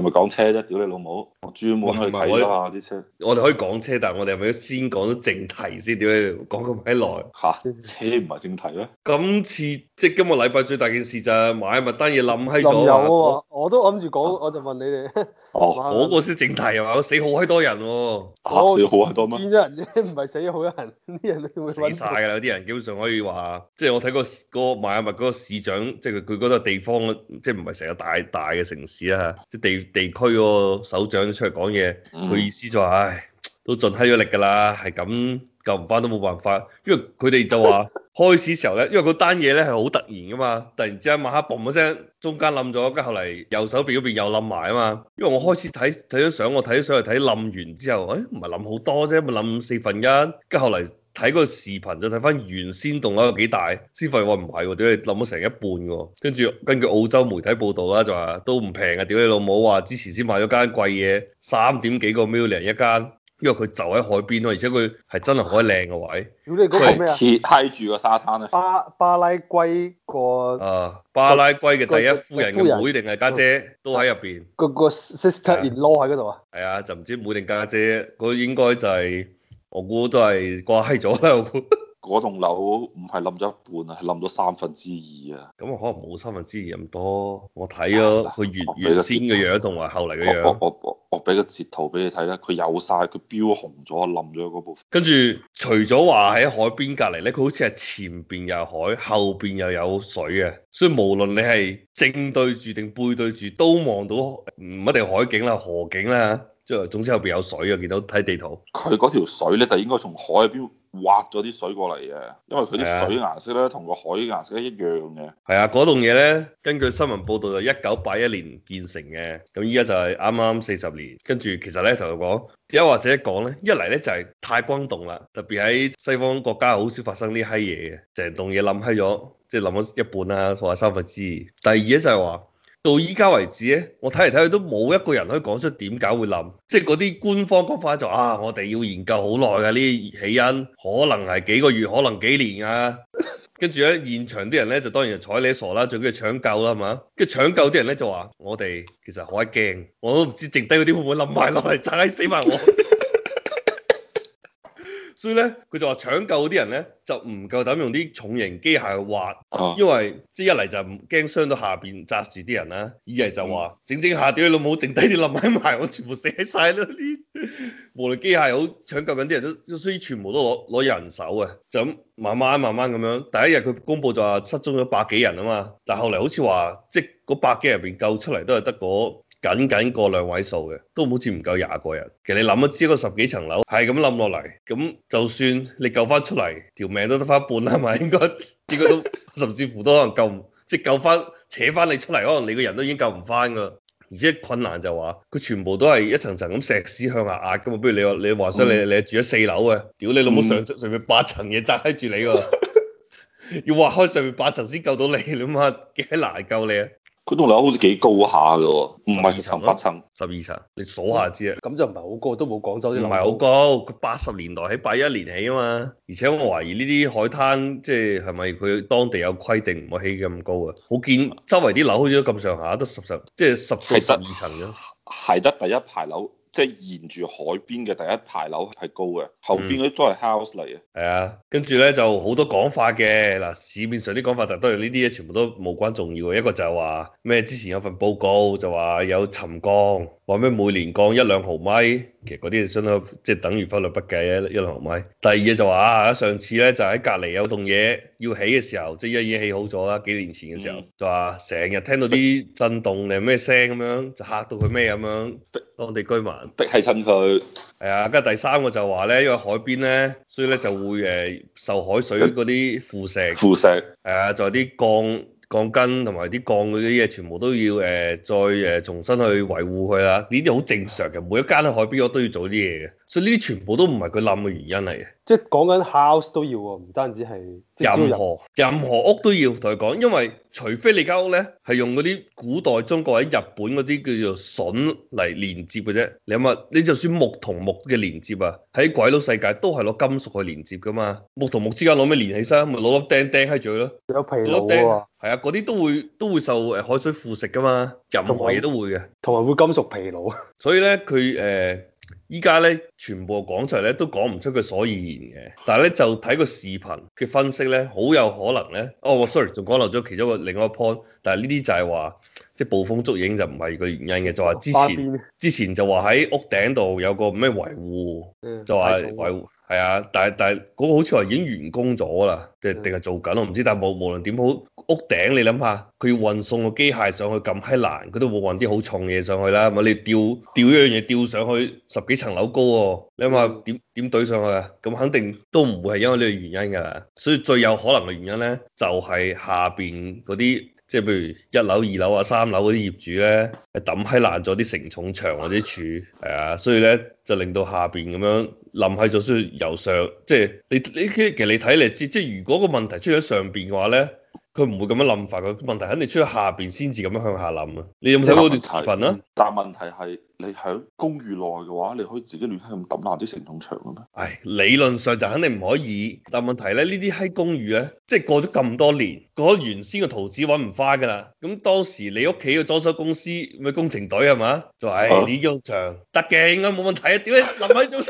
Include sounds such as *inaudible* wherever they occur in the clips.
係咪講車啫？屌你老母！專門去睇啦啲車，我哋可以講車，但係我哋係咪要先講到正題先？點解要講咁鬼耐？嚇，車唔係正題咩？今次即係今個禮拜最大件事就係邁阿密單嘢冧喺咗。林友，我都諗住講，啊、我就問你哋。哦、啊，嗰 *laughs* 個先正題我死好閪多人喎、啊啊，死好閪多人？見咗人唔係死咗好多人，啲人都會死晒㗎啦！啲人基本上可以話，即係我睇過、那個邁阿密嗰個市長，即係佢佢嗰個地方，即係唔係成個大大嘅城市啊？即係地地，地區嗰個首長。出嚟講嘢，佢意思就係：唉，都盡閪咗力㗎啦，係咁救唔翻都冇辦法，因為佢哋就話。 *laughs* 開始時候咧，因為嗰單嘢咧係好突然噶嘛，突然之間晚黑嘣一聲，中間冧咗，跟住後嚟右手邊嗰邊又冧埋啊嘛。因為我開始睇睇咗相，我睇咗相係睇冧完之後，誒唔係冧好多啫，咪冧四分一，跟住後嚟睇嗰個視頻就睇翻原先棟樓有幾大，先發現話唔係，屌你冧咗成一半，跟住根據澳洲媒體報道啦，就話都唔平啊，屌你老母話之前先買咗間貴嘢，三點幾個 million 一間。因為佢就喺海邊咯，而且佢係真係好靚嘅位。佢係切開住個沙灘啊！巴巴拉圭個啊，巴拉圭嘅第一夫人嘅妹定係家姐都喺入邊。嗰個，嗰個 sister in law 喺嗰度啊？係啊，就唔知妹定家姐、姐，佢應該就係、是、我估都係瓜閪咗啦。嗰棟樓唔係冧咗一半啊，係冧咗三分之二啊。咁啊，可能冇三分之二咁多。我睇咗佢越原先嘅樣、樣，同埋後嚟嘅樣。我俾個截圖俾你睇啦，佢有曬，佢標紅咗啊，冧咗嗰部分。跟住，除咗話喺海邊隔離咧，佢好似係前邊有海，後面又有水嘅，所以無論你係正對住定背對住，都望到唔一定海景啦，河景啦。即總之後邊有水啊！見到睇地圖，佢嗰條水咧就應該從海入邊挖咗啲水過嚟嘅，因為佢啲水嘅顏色咧同個海嘅顏色一樣嘅。係啊，嗰棟嘢咧根據新聞報道就一九八一年建成嘅，咁依家就係啱啱四十年。跟住其實咧頭頭講，一或者講咧，一嚟咧就係太轟動啦，特別喺西方國家好少發生呢閪嘢嘅，成棟嘢冧閪咗，即係冧咗一半啦，或三分之二。第二咧就係話。到依家為止咧，我睇嚟睇去都冇一個人可以講出點解會冧，即係嗰啲官方講法就話啊，我哋要研究好耐啊，呢起因可能係幾個月，可能幾年啊。跟住咧，現場啲人咧就當然就睬你傻啦，最緊要搶救啦，係嘛？跟住搶救啲人咧就話，我哋其實好一驚，我都唔知剩低嗰啲會唔會冧埋落嚟，踩死埋我。 *laughs* 所以咧，佢就話搶救嗰啲人咧，就唔夠膽用啲重型機械去挖，因為、oh. 即係一嚟就唔驚傷到下邊砸住啲人啦，二嚟就話、mm. 整整下屌你老母，剩低啲冧喺埋，我全部死晒啦！啲無論機械好搶救緊啲人都都，所以全部都攞攞人手啊，就咁慢慢慢慢咁樣。第一日佢公佈就話失蹤咗百幾人啊嘛，但係後嚟好似話即嗰百幾人入邊救出嚟都係得嗰。僅僅過兩位數嘅，都唔好似唔夠廿個人。其實你諗一知嗰十幾層樓係咁冧落嚟，咁、就是，就算你救翻出嚟，條命都得翻一半，係咪應該？應該都 *laughs* 甚至乎都可能救，即、就、係、是、救翻扯翻你出嚟，可能你個人都已經救唔翻噶啦。而且困難就話，佢全部都係一層層咁石屎向下壓噶嘛。不如你話，你幻想你、嗯、你住喺四樓啊，屌、嗯、你老母上上面八層嘢扎喺住你， *laughs* *laughs* 要挖開上面八層先救到你，你諗下，幾難救你啊！嗰棟樓好似幾高下嘅喎，唔係十層八層，十二層，層，你數下知啦。咁就唔係好高，都冇廣州啲樓。唔係好高，佢八十年代喺八一年起啊嘛。而且我懷疑呢啲海灘，即係係咪佢當地有規定唔可以起咁高啊？我見周圍啲樓好似都咁上下，都十十即係十到十二層嘅。係得第一排樓。即係沿住海邊嘅第一排樓係高嘅，後邊嗰啲都係 house 嚟嘅。係、嗯、啊，跟住咧就好多講法嘅嗱，市面上啲講法，但都係呢啲嘢全部都無關重要嘅。一個就係話咩？之前有份報告就話有沉降。話咩？每年降一兩毫米，其實嗰啲相當即係等於忽略不計啊！一兩毫米。第二嘢就話、是、啊，上次咧就喺隔籬有棟嘢要起嘅時候，即係而家已經起好咗啦。幾年前嘅時候、嗯、就話成日聽到啲震動定咩聲咁樣，就嚇到佢咩咁樣。當地居民逼係侵佢。係啊，跟住第三個就話咧，因為海邊咧，所以咧就會誒受海水嗰啲腐蝕。腐蝕石。係啊，就係啲降。鋼筋同埋啲鋼嗰啲嘢，全部都要誒、呃、再誒、呃、重新去維護佢啦。呢啲好正常嘅，每一間喺海邊我都要做啲嘢嘅，所以呢啲全部都唔係佢冧嘅原因嚟嘅。即係講緊 house 都要喎、啊，唔單止係。任何任何屋都要同佢講，因為除非你間屋咧係用嗰啲古代中國喺日本嗰啲叫做榫嚟連接嘅啫。你諗下，你就算木同木嘅連接啊，喺鬼佬世界都係攞金屬去連接噶嘛。木同木之間攞咩連起身？咪攞粒釘釘喺住咯。有疲勞啊。係啊，嗰啲都會都會受誒海水腐蝕噶嘛。任何嘢都會嘅，同埋會金屬疲勞。所以咧，佢誒。依家咧全部講出嚟咧都講唔出佢所言嘅，但係咧就睇個視頻嘅分析咧，好有可能咧，哦，sorry，仲講漏咗其中一個另外一個 point，但係呢啲就係話。即係捕風捉影就唔係個原因嘅，就話之前之前就話喺屋頂度有個咩維護，就話維護係啊，但係但係嗰個好似話已經完工咗啦，定定係做緊，我唔知，但係無無論點好，屋頂你諗下，佢要運送個機械上去咁閪難，佢都冇運啲好重嘢上去啦，咪你吊吊一樣嘢吊上去十幾層樓高喎，你諗下點點懟上去啊？咁肯定都唔會係因為呢個原因㗎喇，所以最有可能嘅原因咧就係下邊嗰啲。即係譬如一樓、二樓啊、三樓嗰啲業主咧，係揼喺爛咗啲承重牆或者柱，係啊，所以咧就令到下邊咁樣冧喺咗，所以由上即係、就是、你呢其實你睇你知，即、就、係、是、如果個問題出咗上邊嘅話咧。佢唔會咁樣諗法，佢問題肯定出喺下邊先至咁樣向下諗啊！你有冇睇過段視頻啊？但問題係你喺公寓內嘅話，你可以自己亂喺度抌下啲承重牆嘅咩？唉、哎，理論上就肯定唔可以。但問題咧，呢啲喺公寓咧，即係過咗咁多年，嗰原先嘅圖紙揾唔翻㗎啦。咁當時你屋企嘅裝修公司，咪工程隊係嘛？就話呢張牆得嘅應該冇問題啊，點解淋喺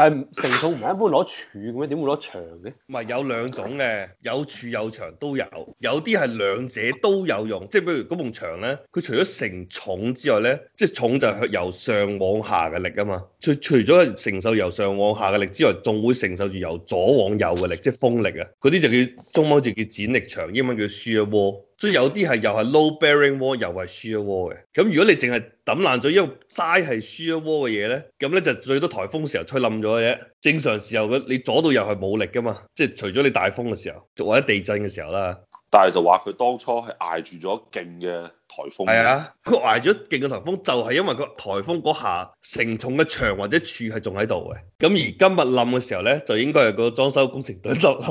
但係承重唔係一般攞柱嘅咩？點會攞牆嘅？唔係，有兩種嘅，有柱有牆都有。有啲係兩者都有用，即係比如嗰埲牆咧，佢除咗承重之外咧，即係重就係由上往下嘅力啊嘛。除除咗承受由上往下嘅力之外，仲會承受住由左往右嘅力，即係風力啊。嗰啲就叫中文就叫剪力牆，英文叫 shear wall 所以有啲係又係 low bearing wall，又係 shear wall 嘅。咁如果你淨係抌爛咗一個齋係 shear wall 嘅嘢咧，咁咧就最多颱風時候吹冧咗嘅啫。正常時候你左到右係冇力噶嘛，即係除咗你大風嘅時候，或者地震嘅時候啦。但係就話佢當初係捱住咗勁嘅颱風。係啊，佢捱住咗勁嘅颱風，就係因為個颱風嗰下承重嘅牆或者柱係仲喺度嘅。咁而今日冧嘅時候咧，就應該係個裝修工程隊冧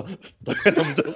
*laughs* *laughs*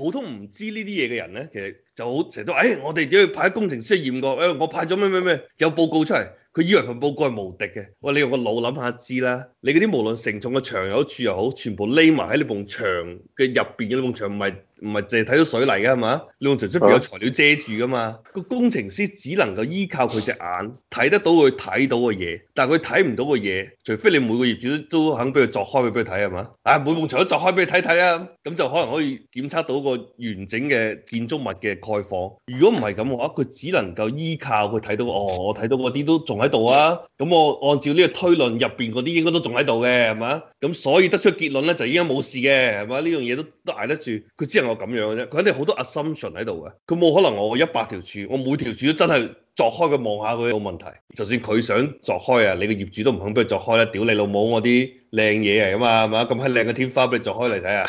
普通唔知呢啲嘢嘅人咧，其實就好成日都誒、哎，我哋只要派工程師去驗過，誒、哎、我派咗咩咩咩有報告出嚟，佢以為份報告係無敵嘅。喂，你用個腦諗下知啦。你嗰啲無論承重嘅牆有柱又好，全部匿埋喺你埲牆嘅入邊嘅。你埲牆唔係唔係淨係睇到水泥噶嘛？你用牆出邊有材料遮住噶嘛？個工程師只能夠依靠佢隻眼睇得到佢睇到嘅嘢，但係佢睇唔到嘅嘢，除非你每個業主都都肯俾佢鑿開佢俾佢睇係嘛？啊，每埲牆都鑿開俾佢睇睇啊。咁就可能可以檢測到個。個完整嘅建築物嘅概況，如果唔係咁嘅話，佢只能夠依靠佢睇到哦，我睇到嗰啲都仲喺度啊，咁、嗯、我按照呢個推論入邊嗰啲應該都仲喺度嘅，係嘛？咁、嗯、所以得出結論咧就已經冇事嘅，係嘛？呢樣嘢都都捱得住，佢只能夠咁樣嘅啫。佢肯定好多 assumption 喺度嘅，佢冇可能我一百條柱，我每條柱都真係鑿開佢望下佢冇問題。就算佢想鑿開啊，你個業主都唔肯俾佢鑿開咧、啊，屌你老母我啲靚嘢嚟㗎嘛，係嘛？咁閪靚嘅天花俾你鑿開嚟睇啊！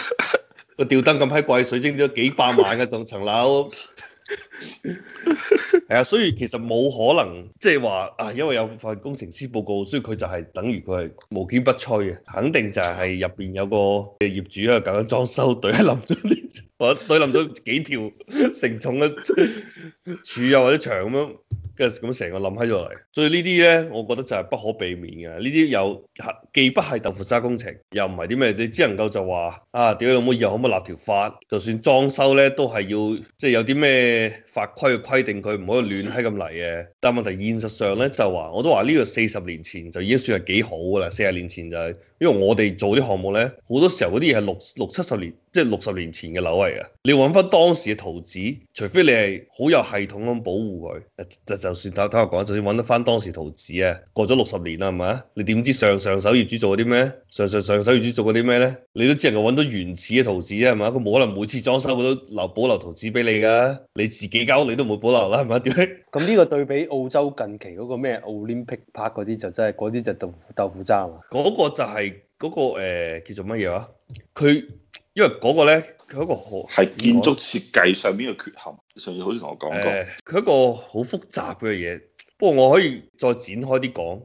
個吊燈咁閪貴，水晶咗幾百萬嘅棟層樓，係啊， *laughs* 所以其實冇可能，即係話啊，因為有份工程師報告，所以佢就係、是、等於佢係無堅不摧嘅，肯定就係入邊有個業主啊，搞緊裝修，對一冧咗啲， *laughs* 對條或者對冧咗幾條承重嘅柱又或者牆咁樣。咁成個冧喺度嚟，所以呢啲咧，我覺得就係不可避免嘅。呢啲又既不係豆腐渣工程，又唔係啲咩，你只能夠就話啊，屌你老母以後可唔可以立條法？就算裝修咧，都係要即係有啲咩法規去規定佢唔可以亂喺咁嚟嘅。但問題現實上咧，就話我都話呢個四十年前就已經算係幾好噶啦。四十年前就係因為我哋做啲項目咧，好多時候嗰啲嘢係六六七十年，即係六十年前嘅樓嚟嘅。你要揾翻當時嘅圖紙，除非你係好有系統咁保護佢，就算聽我講，就算搵得翻當時圖紙啊，過咗六十年啦，係咪啊？你點知上上手業主做咗啲咩？上上上手業主做咗啲咩咧？你都知人哋搵到原始嘅圖紙啫，係咪？佢冇可能每次裝修佢都留保留圖紙俾你噶，你自己交你都唔會保留啦，係咪？點咧？咁呢個對比澳洲近期嗰個咩 Olympic Park 嗰啲就真、就、係、係，嗰啲就豆腐豆腐渣啊！嗰個就係、係、嗰、嗰個誒、呃、叫做乜嘢話？佢。因為嗰個呢，佢一個好係建築設計上面嘅缺陷，上次好似同我講過，佢係、欸、一個好複雜嘅嘢。不過我可以再展開啲講。